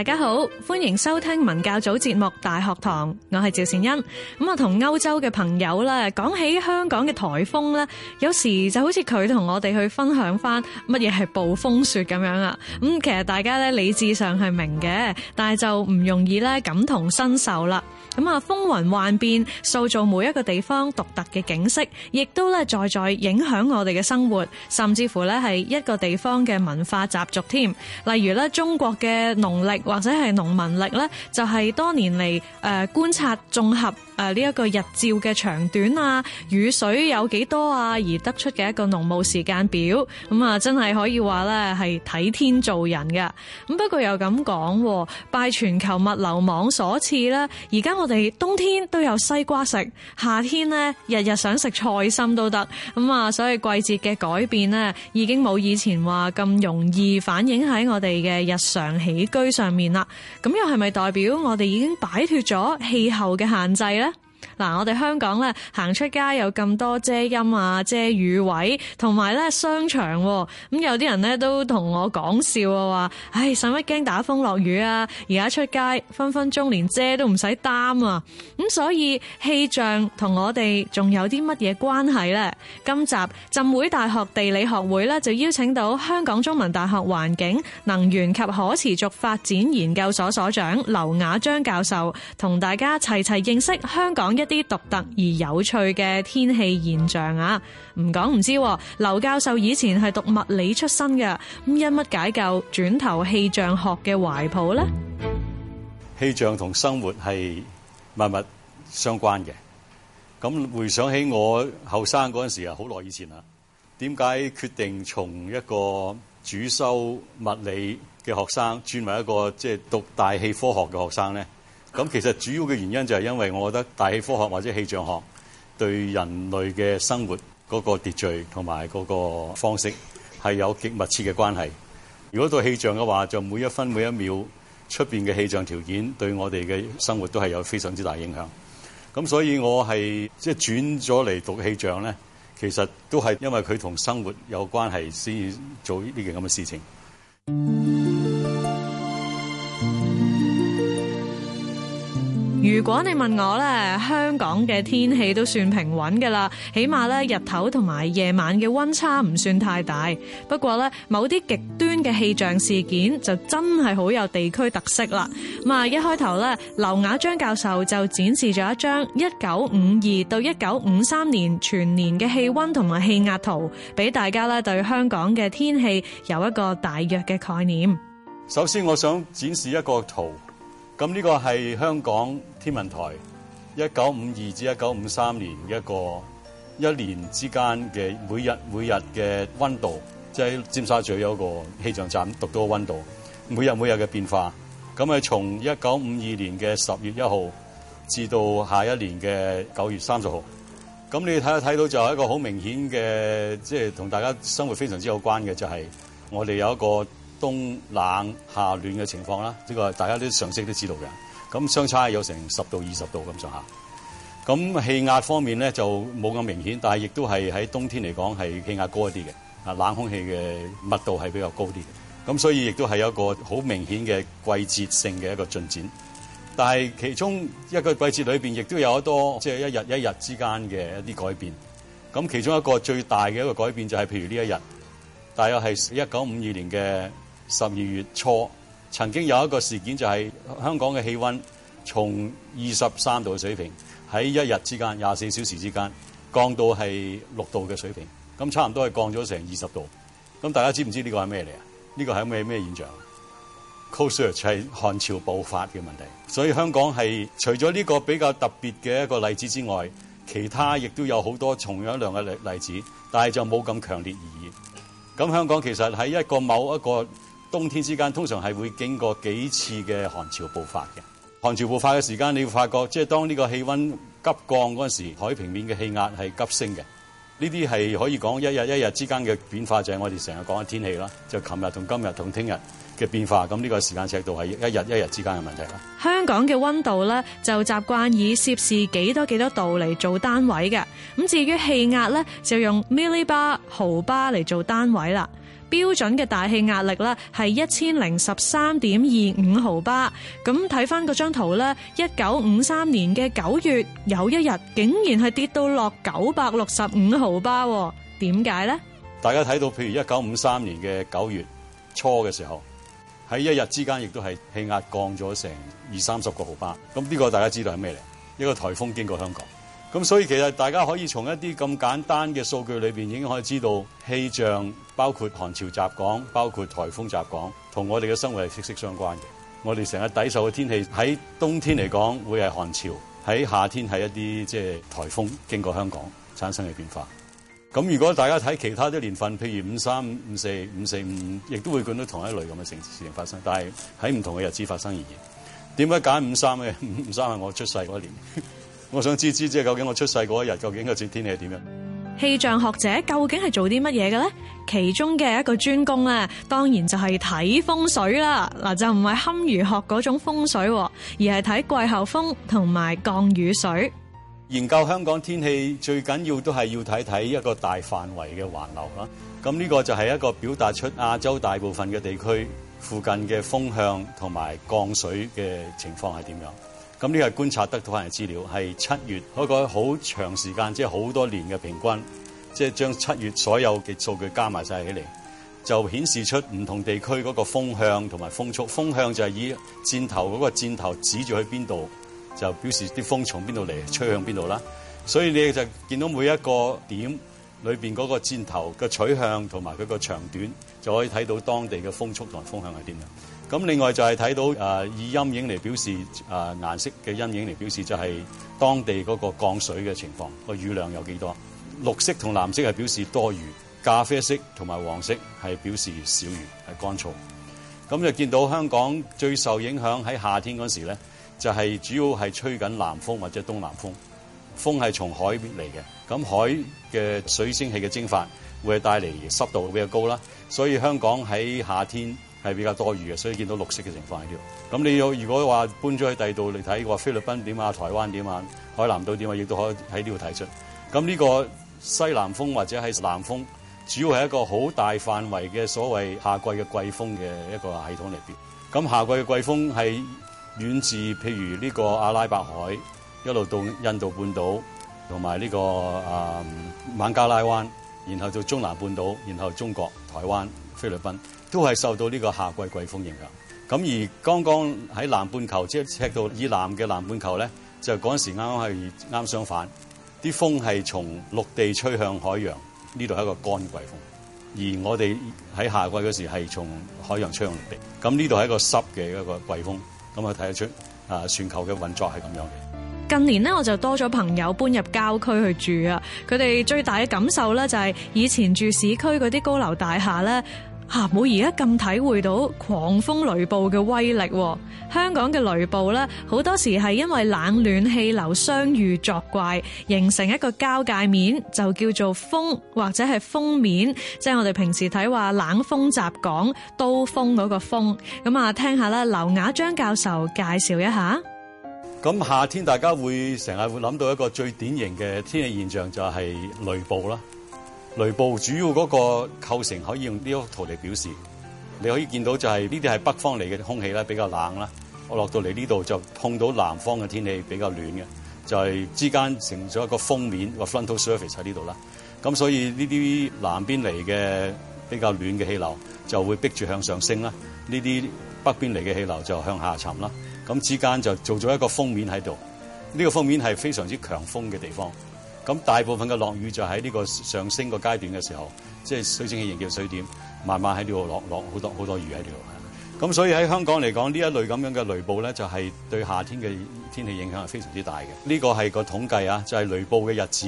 大家好，歡迎收聽文教組節目《大學堂》，我係趙善恩。咁啊，同歐洲嘅朋友啦，講起香港嘅台風啦，有時就好似佢同我哋去分享翻乜嘢係暴風雪咁樣啊。咁其實大家咧理智上係明嘅，但係就唔容易咧感同身受啦。咁啊，風雲幻變，塑造每一個地方獨特嘅景色，亦都咧在在影響我哋嘅生活，甚至乎咧係一個地方嘅文化習俗添。例如咧，中國嘅農曆。或者係農民曆咧，就係、是、多年嚟誒觀察綜合。誒，呢一個日照嘅長短啊，雨水有幾多啊，而得出嘅一個農務時間表，咁啊，真係可以話咧係睇天做人嘅。咁不過又咁講，拜全球物流網所賜啦，而家我哋冬天都有西瓜食，夏天咧日日想食菜心都得，咁啊，所以季節嘅改變咧已經冇以前話咁容易反映喺我哋嘅日常起居上面啦。咁又係咪代表我哋已經擺脫咗氣候嘅限制咧？嗱，我哋香港咧行出街有咁多遮陰啊、遮雨位，同埋咧商場、啊，咁、嗯、有啲人咧都同我講笑啊，話唉，使乜驚打風落雨啊？而家出街分分鐘連遮都唔使擔啊！咁、嗯、所以氣象同我哋仲有啲乜嘢關係咧？今集浸會大學地理學會咧就邀請到香港中文大學環境能源及可持續發展研究所所，所長劉雅章教授，同大家齊齊認識香港一啲獨特而有趣嘅天氣現象啊，唔講唔知，劉教授以前係讀物理出身嘅，咁因乜解救轉投氣象學嘅懷抱呢？氣象同生活係密密相關嘅，咁回想起我後生嗰陣時啊，好耐以前啊，點解決定從一個主修物理嘅學生轉為一個即係讀大氣科學嘅學生呢？咁其實主要嘅原因就係因為我覺得大氣科學或者氣象學對人類嘅生活嗰個秩序同埋嗰個方式係有極密切嘅關係。如果對氣象嘅話，就每一分每一秒出邊嘅氣象條件對我哋嘅生活都係有非常之大影響。咁所以我係即係轉咗嚟讀氣象咧，其實都係因為佢同生活有關係先至做呢件咁嘅事情。如果你問我咧，香港嘅天氣都算平穩㗎啦，起碼咧日頭同埋夜晚嘅溫差唔算太大。不過咧，某啲極端嘅氣象事件就真係好有地區特色啦。咁啊，一開頭咧，劉雅章教授就展示咗一張一九五二到一九五三年全年嘅氣溫同埋氣壓圖，俾大家咧對香港嘅天氣有一個大約嘅概念。首先，我想展示一個圖，咁呢個係香港。天文台一九五二至一九五三年一個一年之間嘅每日每日嘅溫度，即係尖沙咀有一個氣象站讀到個溫度，每日每日嘅變化。咁啊，從一九五二年嘅十月一號至到下一年嘅九月三十號，咁你睇一睇到就係一個好明顯嘅，即係同大家生活非常之有關嘅，就係我哋有一個冬冷夏暖嘅情況啦。呢個大家都常識都知道嘅。咁相差有成十到二十度咁上下，咁氣壓方面咧就冇咁明顯，但係亦都係喺冬天嚟講係氣壓高一啲嘅。啊冷空氣嘅密度係比較高啲嘅，咁所以亦都係有一個好明顯嘅季節性嘅一個進展。但係其中一個季節裏邊亦都有好多即係、就是、一日一日之間嘅一啲改變。咁其中一個最大嘅一個改變就係譬如呢一日，大約係一九五二年嘅十二月初。曾經有一個事件，就係香港嘅氣温從二十三度嘅水平，喺一日之間、廿四小時之間降到係六度嘅水平，咁差唔多係降咗成二十度。咁大家知唔知呢個係咩嚟啊？呢、呢個係咩咩現象？Cold surge 係寒潮爆發嘅問題。所以香港係除咗呢個比較特別嘅一個例子之外，其他亦都有好多重樣量嘅例例子，但係就冇咁強烈而已。咁香港其實喺一個某一個。冬天之間通常係會經過幾次嘅寒潮暴發嘅。寒潮暴發嘅時間，你會發覺，即係當呢個氣温急降嗰陣時，海平面嘅氣壓係急升嘅。呢啲係可以講一日一日之間嘅變化，就係我哋成日講嘅天氣啦。就琴日同今日同聽日嘅變化，咁呢個時間尺度係一日一日之間嘅問題啦。香港嘅温度咧，就習慣以攝氏幾多幾多度嚟做單位嘅。咁至於氣壓咧，就用 millibar 毫巴嚟做單位啦。標準嘅大氣壓力咧係一千零十三點二五毫巴，咁睇翻嗰張圖咧，一九五三年嘅九月有一日竟然係跌到落九百六十五毫巴，點解呢？大家睇到譬如一九五三年嘅九月初嘅時候，喺一日之間亦都係氣壓降咗成二三十個毫巴，咁呢個大家知道係咩嚟？一個颱風經過香港。咁所以其實大家可以從一啲咁簡單嘅數據裏邊，已經可以知道氣象，包括寒潮襲港，包括台風襲港，同我哋嘅生活係息息相關嘅。我哋成日抵受嘅天氣喺冬天嚟講會係寒潮，喺夏天係一啲即係台風經過香港產生嘅變化。咁如果大家睇其他啲年份，譬如五三、五四五四五五，亦都會見到同一類咁嘅城市事情發生，但係喺唔同嘅日子發生而言，點解揀五三嘅？五五三係我出世嗰一年。我想知知知，究竟我出世嗰一日，究竟嗰節天氣係點樣？氣象學者究竟係做啲乜嘢嘅咧？其中嘅一個專攻啊，當然就係睇風水啦。嗱，就唔係堪輿學嗰種風水，而係睇季候風同埋降雨水。研究香港天氣最緊要都係要睇睇一個大範圍嘅環流啦。咁呢個就係一個表達出亞洲大部分嘅地區附近嘅風向同埋降水嘅情況係點樣。咁呢個係觀察得到翻嘅資料，係七月嗰個好長時間，即係好多年嘅平均，即係將七月所有嘅數據加埋晒起嚟，就顯示出唔同地區嗰個風向同埋風速。風向就係以箭頭嗰個箭頭指住去邊度，就表示啲風從邊度嚟，吹向邊度啦。所以你就見到每一個點裏邊嗰個箭頭嘅取向同埋佢個長短，就可以睇到當地嘅風速同埋風向係點樣。咁另外就係睇到誒、啊、以陰影嚟表示誒顏、啊、色嘅陰影嚟表示就係當地嗰個降水嘅情況，個雨量有幾多？綠色同藍色係表示多雨，咖啡色同埋黃色係表示少雨，係乾燥。咁就見到香港最受影響喺夏天嗰時咧，就係、是、主要係吹緊南風或者東南風，風係從海邊嚟嘅。咁海嘅水蒸氣嘅蒸發會帶嚟濕度比較高啦，所以香港喺夏天，係比較多餘嘅，所以見到綠色嘅情況喺呢度。咁你有如果話搬咗去第二度嚟睇，話菲律賓點啊、台灣點啊、海南島點啊，亦都可以喺呢度睇出。咁呢個西南風或者係南風，主要係一個好大範圍嘅所謂夏季嘅季風嘅一個系統嚟嘅。咁夏季嘅季風係遠自譬如呢個阿拉伯海，一路到印度半島同埋呢個啊嗯、孟加拉灣。然後到中南半島，然後中國、台灣、菲律賓都係受到呢個夏季季風影響。咁而剛剛喺南半球，即係赤道以南嘅南半球咧，就嗰陣時啱啱係啱相反，啲風係從陸地吹向海洋，呢度係一個乾季風。而我哋喺夏季嗰時係從海洋吹向陸地，咁呢度係一個濕嘅一個季風。咁啊睇得出啊，全球嘅運作係咁樣嘅。近年咧，我就多咗朋友搬入郊區去住啊！佢哋最大嘅感受咧、就是，就係以前住市區嗰啲高樓大廈咧，吓冇而家咁體會到狂風雷暴嘅威力。香港嘅雷暴咧，好多時係因為冷暖氣流相遇作怪，形成一個交界面，就叫做鋒或者係鋒面，即、就、係、是、我哋平時睇話冷鋒襲港、刀鋒嗰個鋒咁啊，聽下啦，劉雅章教授介紹一下。咁夏天大家會成日會諗到一個最典型嘅天氣現象，就係雷暴啦。雷暴主要嗰個構成可以用呢幅圖嚟表示。你可以見到就係呢啲係北方嚟嘅空氣咧，比較冷啦，我落到嚟呢度就碰到南方嘅天氣比較暖嘅，就係、是、之間成咗一個鋒面個 frontal surface 喺呢度啦。咁所以呢啲南邊嚟嘅比較暖嘅氣流就會逼住向上升啦，呢啲北邊嚟嘅氣流就向下沉啦。咁之間就做咗一個封面喺度，呢個封面係非常之強風嘅地方。咁大部分嘅落雨就喺呢個上升個階段嘅時候，即係水蒸氣凝結水點，慢慢喺呢度落落好多好多雨喺呢度。咁所以喺香港嚟講，呢一類咁樣嘅雷暴咧，就係對夏天嘅天氣影響係非常之大嘅。呢個係個統計啊，就係雷暴嘅日子，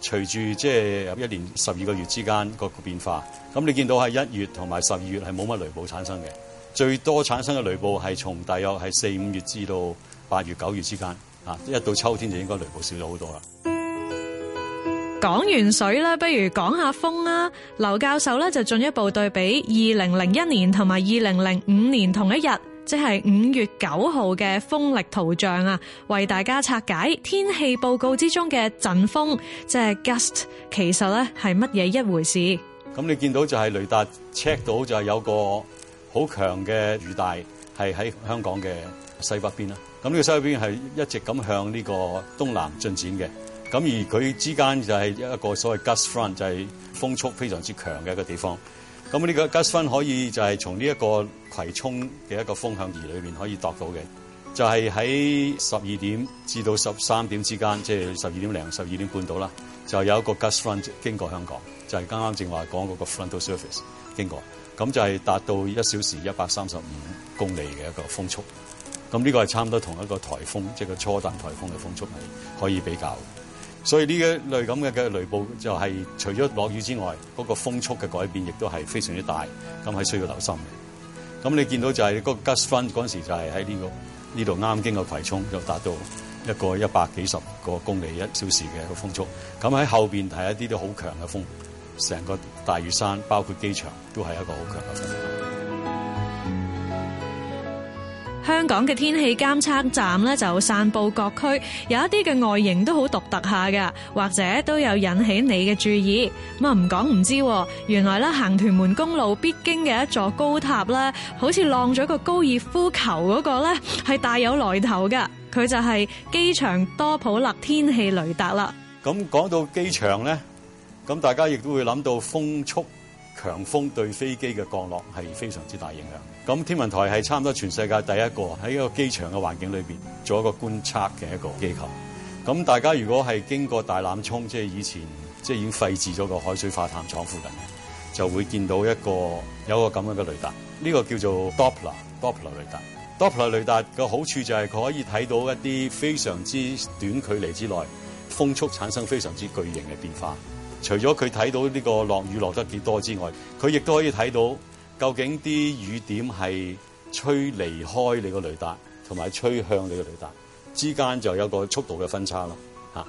隨住即係一年十二個月之間個變化。咁你見到係一月同埋十二月係冇乜雷暴產生嘅。最多產生嘅雷暴係從大約係四五月至到八月九月之間啊，一到秋天就應該雷暴少咗好多啦。講完水啦，不如講下風啦。劉教授咧就進一步對比二零零一年同埋二零零五年同一日，即係五月九號嘅風力圖像啊，為大家拆解天氣報告之中嘅陣風，即係、就是、Gust，其實咧係乜嘢一回事？咁你見到就係雷達 check 到就係有個好強嘅雨帶係喺香港嘅西北邊啦，咁呢個西北邊係一直咁向呢個東南進展嘅，咁而佢之間就係一個所謂 gust front，就係風速非常之強嘅一個地方。咁呢個 gust front 可以就係從呢一個葵涌嘅一個風向儀裏面可以度到嘅，就係喺十二點至到十三點之間，即係十二點零、十二點半到啦，就有一個 gust front 經過香港，就係啱啱正話講嗰個 frontal surface 經過。咁就係達到一小時一百三十五公里嘅一個風速，咁呢個係差唔多同一個颱風，即係個初等颱風嘅風速係可以比較。所以呢一類咁嘅嘅雷暴就係除咗落雨之外，嗰個風速嘅改變亦都係非常之大，咁係需要留心嘅。咁你見到就係個 gust front 嗰陣時就係喺呢個呢度啱經過葵涌，就達到一個一百幾十個公里一小時嘅一個風速。咁喺後邊係一啲都好強嘅風。成個大嶼山，包括機場，都係一個好強嘅地方。香港嘅天氣監測站咧，就散佈各區，有一啲嘅外形都好獨特下嘅，或者都有引起你嘅注意。咁啊，唔講唔知，原來咧行屯門公路必經嘅一座高塔咧，好似攞咗個高爾夫球嗰個咧，係大有來頭嘅。佢就係機場多普勒天氣雷達啦。咁講到機場咧。咁大家亦都會諗到風速、強風對飛機嘅降落係非常之大影響。咁天文台係差唔多全世界第一個喺一個機場嘅環境裏邊做一個觀測嘅一個機構。咁大家如果係經過大欖涌，即係以前即係已經廢置咗個海水化淡廠附近嘅，就會見到一個有個咁樣嘅雷達。呢、這個叫做 Doppler Doppler 雷達。Doppler 雷達嘅好處就係佢可以睇到一啲非常之短距離之內風速產生非常之巨型嘅變化。除咗佢睇到呢個落雨落得幾多之外，佢亦都可以睇到究竟啲雨點係吹離開你個雷達，同埋吹向你個雷達之間就有個速度嘅分差咯。吓、啊，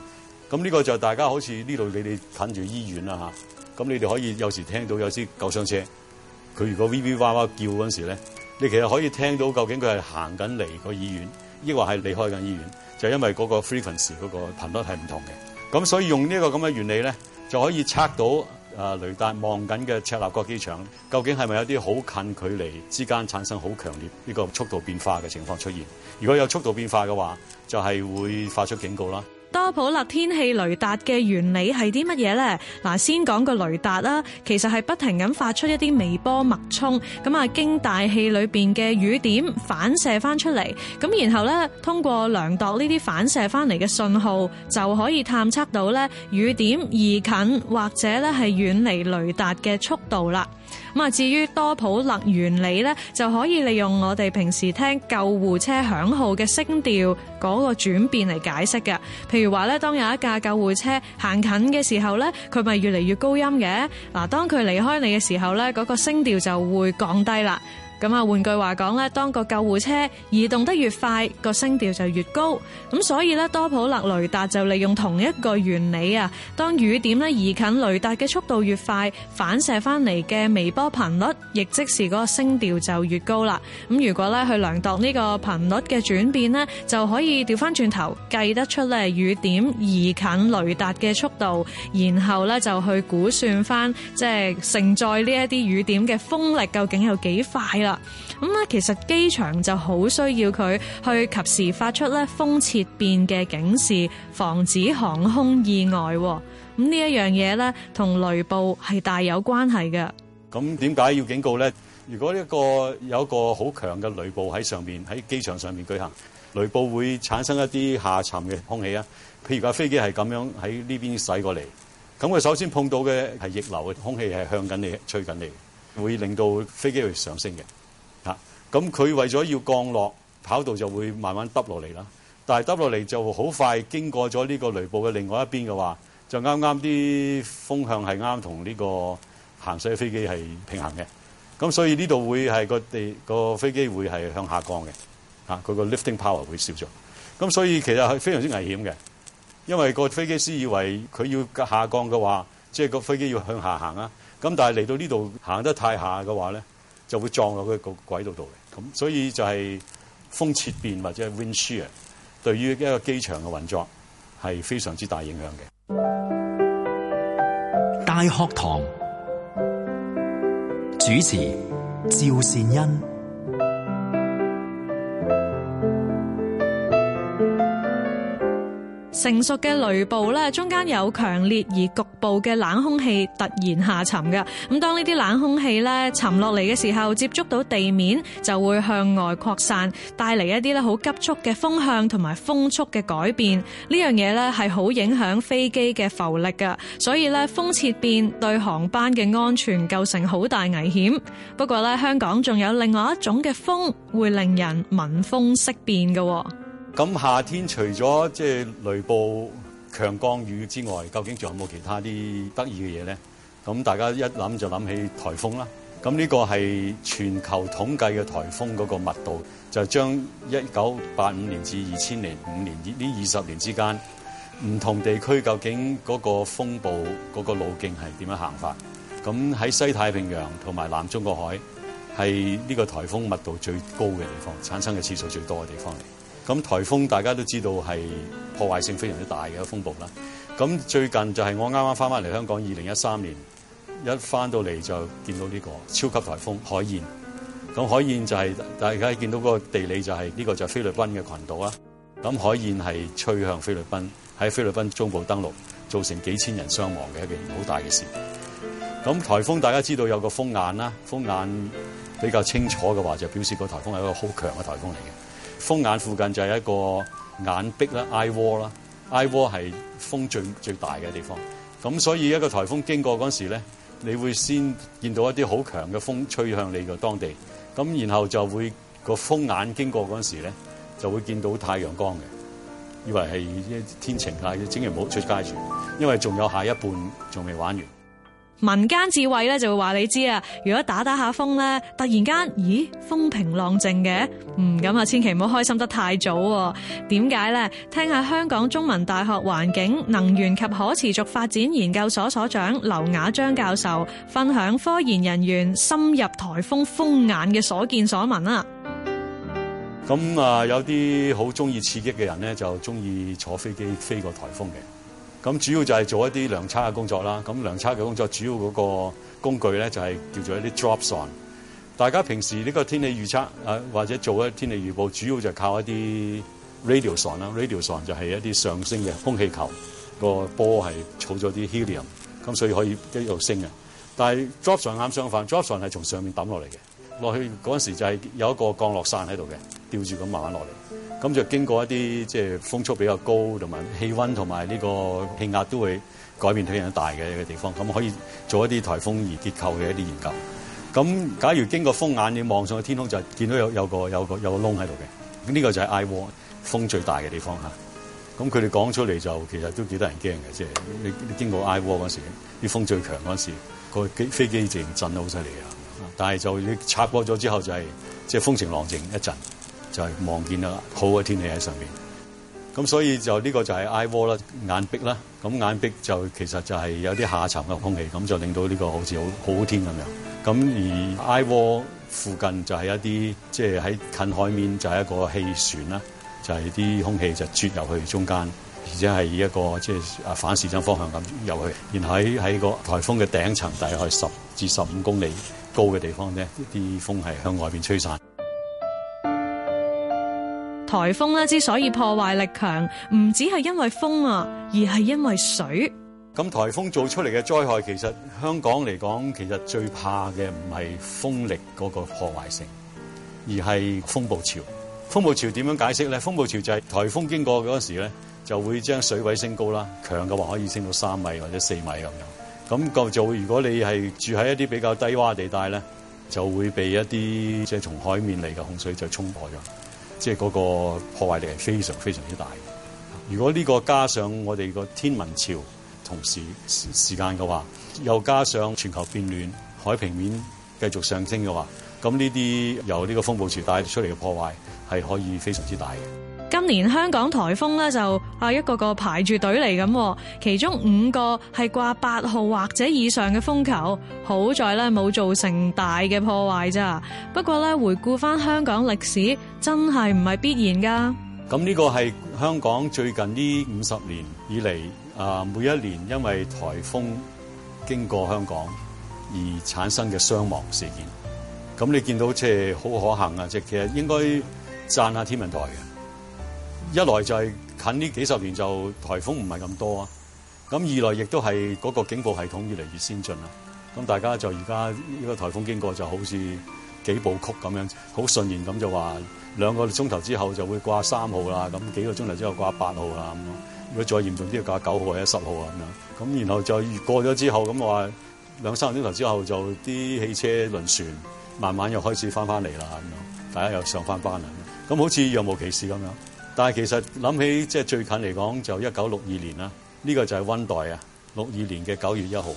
咁呢個就大家好似呢度你哋近住醫院啦吓，咁、啊、你哋可以有時聽到有啲救傷車佢如果 v v 哇哇叫嗰陣時咧，你其實可以聽到究竟佢係行緊嚟個醫院，抑或係離開緊醫院，就因為嗰個 frequency 嗰個頻率係唔同嘅。咁所以用呢個咁嘅原理咧。就可以測到誒雷達望緊嘅赤鱲角機場，究竟係咪有啲好近距離之間產生好強烈呢個速度變化嘅情況出現？如果有速度變化嘅話，就係、是、會發出警告啦。多普勒天氣雷達嘅原理係啲乜嘢呢？嗱，先講個雷達啦，其實係不停咁發出一啲微波脈衝，咁啊經大氣裏邊嘅雨點反射翻出嚟，咁然後咧通過量度呢啲反射翻嚟嘅信號，就可以探測到咧雨點移近或者咧係遠離雷達嘅速度啦。咁啊，至於多普勒原理咧，就可以利用我哋平時聽救護車響號嘅聲調嗰個轉變嚟解釋嘅。譬如話咧，當有一架救護車行近嘅時候咧，佢咪越嚟越高音嘅。嗱，當佢離開你嘅時候咧，嗰個聲調就會降低啦。咁啊，換句話講咧，當個救護車移動得越快，個聲調就越高。咁所以咧，多普勒雷達就利用同一個原理啊。當雨點咧移近雷達嘅速度越快，反射翻嚟嘅微波頻率，亦即是嗰個聲調就越高啦。咁如果咧去量度呢個頻率嘅轉變咧，就可以調翻轉頭計得出咧雨點移近雷達嘅速度，然後咧就去估算翻即係承載呢一啲雨點嘅風力究竟有幾快啦。咁咧，其實機場就好需要佢去及時發出咧風切變嘅警示，防止航空意外。咁呢一樣嘢咧，同雷暴係大有關係嘅。咁點解要警告咧？如果一個有一個好強嘅雷暴喺上面，喺機場上面舉行，雷暴會產生一啲下沉嘅空氣啊。譬如架飛機係咁樣喺呢邊駛過嚟，咁佢首先碰到嘅係逆流嘅空氣向你，係向緊你吹緊你，會令到飛機會上升嘅。嚇！咁佢為咗要降落跑道，就會慢慢耷落嚟啦。但係耷落嚟就好快經過咗呢個雷暴嘅另外一邊嘅話，就啱啱啲風向係啱同呢個行駛嘅飛機係平衡嘅。咁所以呢度會係個地個飛機會係向下降嘅。嚇！佢個 lifting power 會少咗。咁所以其實係非常之危險嘅，因為個飛機師以為佢要下降嘅話，即係個飛機要向下行啊。咁但係嚟到呢度行得太下嘅話咧，就會撞落嗰個軌道度嚟，咁所以就係風切變或者係 wind shear 對於一個機場嘅運作係非常之大影響嘅。大學堂主持趙善恩。成熟嘅雷暴咧，中間有強烈而局部嘅冷空氣突然下沉㗎。咁當呢啲冷空氣咧沉落嚟嘅時候，接觸到地面就會向外擴散，帶嚟一啲咧好急促嘅風向同埋風速嘅改變。呢樣嘢咧係好影響飛機嘅浮力㗎，所以咧風切變對航班嘅安全構成好大危險。不過咧，香港仲有另外一種嘅風會令人聞風色變嘅。咁夏天除咗即係雷暴、強降雨之外，究竟仲有冇其他啲得意嘅嘢咧？咁大家一諗就諗起台風啦。咁呢個係全球統計嘅台風嗰個密度，就將一九八五年至二千零五年呢呢二十年之間唔同地區究竟嗰個風暴嗰個路徑係點樣行法？咁喺西太平洋同埋南中國海係呢個台風密度最高嘅地方，產生嘅次數最多嘅地方嚟。咁台風大家都知道係破壞性非常之大嘅一個風暴啦。咁最近就係我啱啱翻翻嚟香港，二零一三年一翻到嚟就見到呢個超級台風海燕。咁海燕就係、是、大家見到嗰個地理就係、是、呢、這個就係菲律賓嘅群島啦。咁海燕係吹向菲律賓，喺菲律賓中部登陸，造成幾千人傷亡嘅一件好大嘅事。咁台風大家知道有個風眼啦，風眼比較清楚嘅話就表示個台風係一個好強嘅台風嚟嘅。風眼附近就係一個眼壁啦 eye wall 啦 eye wall 係風最最大嘅地方。咁所以一個台風經過陣時咧，你會先見到一啲好強嘅風吹向你嘅當地。咁然後就會個風眼經過陣時咧，就會見到太陽光嘅，以為係天晴啦，千祈唔好出街住，因為仲有下一半仲未玩完。民間智慧咧就會話你知啊，如果打打下風咧，突然間，咦，風平浪靜嘅，嗯，咁啊，千祈唔好開心得太早喎、哦。點解呢？聽下香港中文大學環境能源及可持續發展研究所所長劉雅章教授分享科研人員深入颱風風眼嘅所見所聞啦。咁啊，有啲好中意刺激嘅人呢，就中意坐飛機飛過颱風嘅。咁主要就係做一啲量測嘅工作啦。咁量測嘅工作主要嗰個工具咧就係叫做一啲 dropson。大家平時呢個天氣預測啊，或者做一啲天氣預報，主要就靠一啲 radioson 啦。radioson 就係一啲上升嘅空氣球，個波係儲咗啲 helium，咁所以可以一路升嘅。但係 dropson 啱相反，dropson 係從上面揼落嚟嘅，落去嗰陣時就係有一個降落傘喺度嘅，吊住咁慢慢落嚟。咁就經過一啲即係風速比較高，同埋氣温同埋呢個氣壓都會改變，都比較大嘅一個地方。咁可以做一啲颱風而結構嘅一啲研究。咁假如經過風眼，你望上去天空就見到有個有個有個有個窿喺度嘅。呢、這個就係 eye wall 風最大嘅地方吓。咁佢哋講出嚟就其實都幾得人驚嘅，即係你經過 eye wall 嗰時，啲風最強嗰時，個飛機自然震得好犀利啊。但係就你插過咗之後就係即係風平浪靜一陣。就係望見到好嘅天氣喺上面，咁所以就呢、這個就係埃窩啦，wall，眼壁啦。咁眼壁就其實就係有啲下沉嘅空氣，咁就令到呢個好似好好天咁樣。咁而埃窩附近就係一啲即係喺近海面就係一個氣旋啦，就係、是、啲空氣就轉入去中間，而且係以一個即係、就是、反時針方向咁入去。然後喺喺個颱風嘅頂層，大概十至十五公里高嘅地方咧，啲風係向外邊吹散。颱風咧之所以破壞力強，唔止係因為風啊，而係因為水。咁颱風做出嚟嘅災害，其實香港嚟講，其實最怕嘅唔係風力嗰個破壞性，而係風暴潮。風暴潮點樣解釋咧？風暴潮就係颱風經過嗰陣時咧，就會將水位升高啦。強嘅話可以升到三米或者四米咁樣。咁就就如果你係住喺一啲比較低窪地帶咧，就會被一啲即係從海面嚟嘅洪水就衝破咗。即係嗰個破壞力係非常非常之大嘅。如果呢個加上我哋個天文潮同時時時間嘅話，又加上全球變暖、海平面繼續上升嘅話，咁呢啲由呢個風暴潮帶出嚟嘅破壞係可以非常之大嘅。今年香港台風咧就啊，一個個排住隊嚟咁，其中五個係掛八號或者以上嘅風球。好在咧冇造成大嘅破壞咋。不過咧回顧翻香港歷史，真係唔係必然噶。咁呢個係香港最近呢五十年以嚟啊，每一年因為台風經過香港而產生嘅傷亡事件。咁你見到即係好可行啊，即係其實應該讚下天文台嘅。一來就係近呢幾十年就颱風唔係咁多啊，咁二來亦都係嗰個警報系統越嚟越先進啦。咁大家就而家呢個颱風經過就好似幾部曲咁樣，好順延咁就話兩個鐘頭之後就會掛三號啦，咁幾個鐘頭之後掛八號啦，咁如果再嚴重啲，掛九號或者十號啊咁樣。咁然後再過咗之後，咁話兩三個鐘頭之後就啲汽車輪船慢慢又開始翻翻嚟啦，咁大家又上翻返嚟。咁好似若無其事咁樣。但係其實諗起即係最近嚟講，就一九六二年啦，呢個就係溫黛啊。六二年嘅九月一號，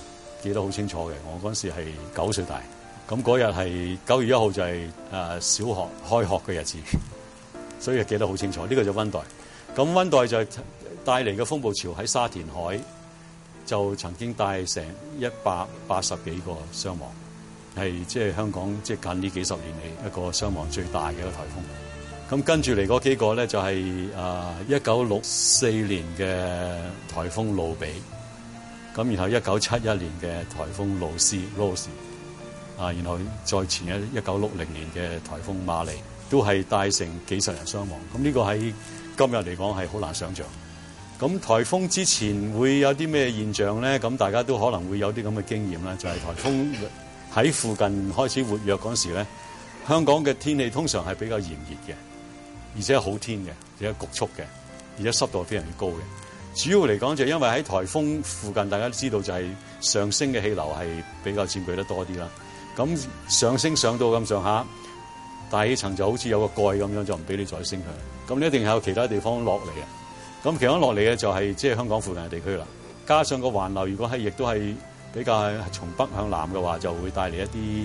記得好清楚嘅。我嗰時係九歲大，咁嗰日係九月一號就係誒小學開學嘅日子，所以記得好清楚。呢個就溫黛。咁溫黛就係帶嚟嘅風暴潮喺沙田海就曾經帶成一百八十幾個傷亡，係即係香港即係近呢幾十年嚟一個傷亡最大嘅一個颱風。咁跟住嚟嗰幾個咧就係誒一九六四年嘅颱風露比，咁然後一九七一年嘅颱風露斯 Rose，啊然後再前一一九六零年嘅颱風馬尼，都係帶成幾十人傷亡。咁、這、呢個喺今日嚟講係好難想像。咁颱風之前會有啲咩現象咧？咁大家都可能會有啲咁嘅經驗啦，就係、是、颱風喺附近開始活躍嗰時咧，香港嘅天氣通常係比較炎熱嘅。而且好天嘅，而且局促嘅，而且濕度係非常之高嘅。主要嚟講就係因為喺颱風附近，大家都知道就係上升嘅氣流係比較佔據得多啲啦。咁上升上到咁上下，大氣層就好似有個蓋咁樣，就唔俾你再升佢。咁你一定係有其他地方落嚟啊。咁其他落嚟嘅就係即係香港附近嘅地區啦。加上個環流，如果係亦都係比較係從北向南嘅話，就會帶嚟一啲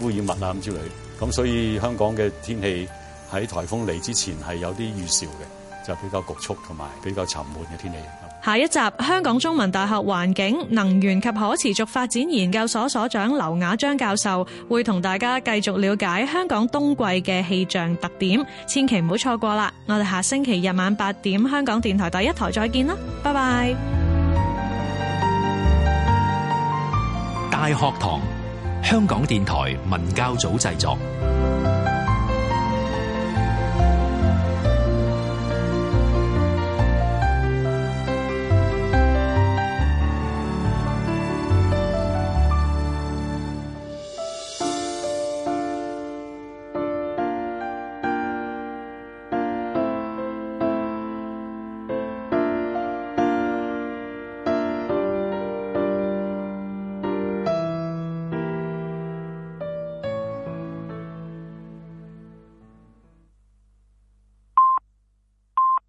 污染物啊咁之類，咁所以香港嘅天氣。喺颱風嚟之前，係有啲預兆嘅，就比較局促同埋比較沉悶嘅天氣人。下一集，香港中文大學環境能源及可持續發展研究所所長劉雅章教授會同大家繼續了解香港冬季嘅氣象特點，千祈唔好錯過啦！我哋下星期日晚八點，香港電台第一台再見啦，拜拜！大學堂，香港電台文教組製作。